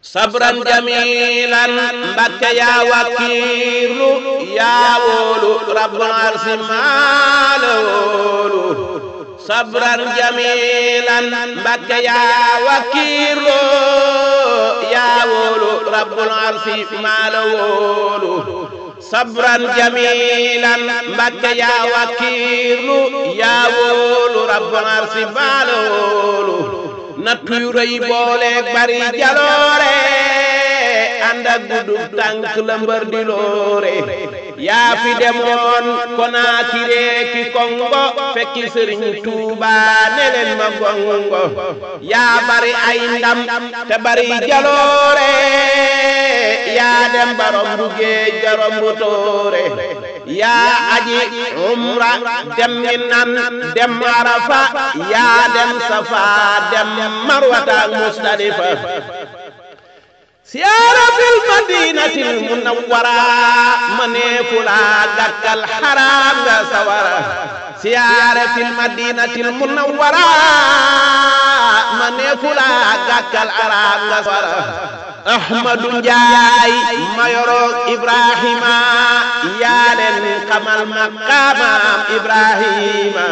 sabran jamilan mbakke yaa wakiirlu yaa wóolu rabbul arsi maa la wóolu sabran jamilan mbakke yaa wakiirlu yaa wóolu rabbul arsi maa la wóolu sabran jamilan mbakke yaa wakiirlu yaa wóolu rabbul arsi maa la wóolu natt yu rëy booleeg bari jaloore ànd ak guddub tànk la yaa fi demoon ki Kongo fekki sëriñ Tuuba ne ma gongo yaa bari ay te bari jaloore yaa dem barom bu yaa aji umra dem minan dem arafa yaa dem safa dem marwata ak siyaara fil madinati munawwara maneefu laa gàkkal xaraam sawara ahmadu njaay mayoroog ibrahima yaa leen xamal maqaamaam ibrahima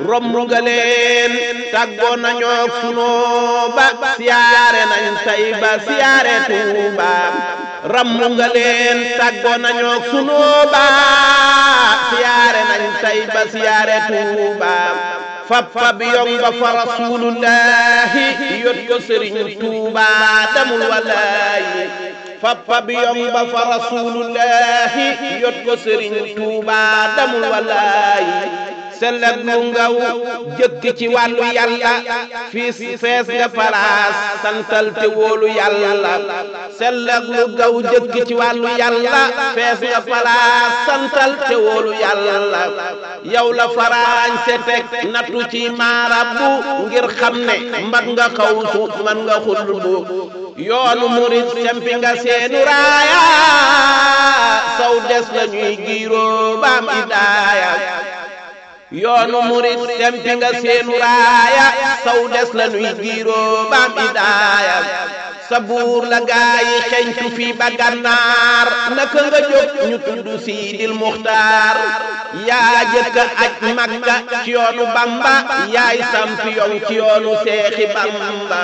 ahmadu nga leen tàggoo nañoo funoo siyaare nañ say siyaare tuuba rammu nga leen tàggoo nañoo funoo siyaare tuubaam fab fab yong ba fa rasuulullaahi yot ko sëriñ tuuba damul walaayi fab fab yong ba fa rasuulullaahi yot ko sëriñ tuuba damul walaayi sellat nu ngaw jëkk ci wàllu yàlla fiis fees nga palaas santal te wóolu yàlla sellat nu ngaw jëkk ci wàllu yàlla fees nga palaas santal te wóolu yàlla yow la faraañse teg nattu ci maarabbu ngir xam ne mbat nga xawsu man nga xulbu yoonu murit sempi nga seenu saw des la ñuy giiroo baam yoonu murit tempi nga seenu raaya saw des la nuy giiroo baam idaaya sa buur la gaayi xeñtu fii ba gànnaar naka nga jóg ñu tudd siidil muxtaar jëkk aj Makka ci yoonu Bamba yaay sampiyoŋ ci yoonu Seexi Bamba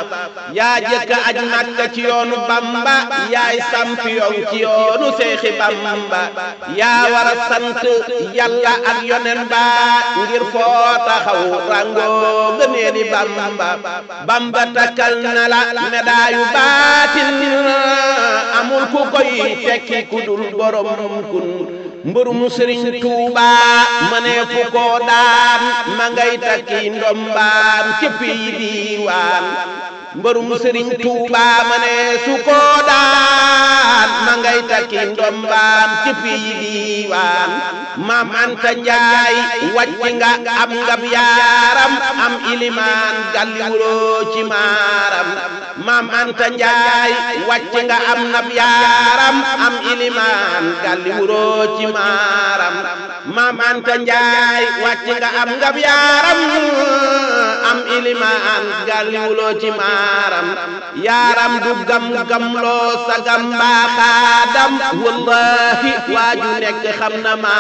yaay sampiyoŋ ci yoonu Seexi Bamba yaa war a sant Yàlla ak yonen ba ngir foo taxaw rangoo gëneeli Bamba Bamba takkal na la medaayu baatin amul ku koy tekki ku dul borom kun mbër mu sëriñ tuubaa mënee fu koo daan ma ngay takki ndombaan képp yi diiwaan mbërum sëriñ tuubaa ma ne ma ngay takki ndombaam ci anta njaay wàcc nga am ngam yaaram am ilimaan galliwuloo ci maaram maam anta njaay wàcc nga am nab yaaram am ilimaan galliwuloo ci maaram maam anta njaay wàcc nga am ngam yaaram am ilimaan gàlliwuloo ci maaram yaaram du gam gamloo sa gam baaxaadam wallahi waaju nekk xam na ma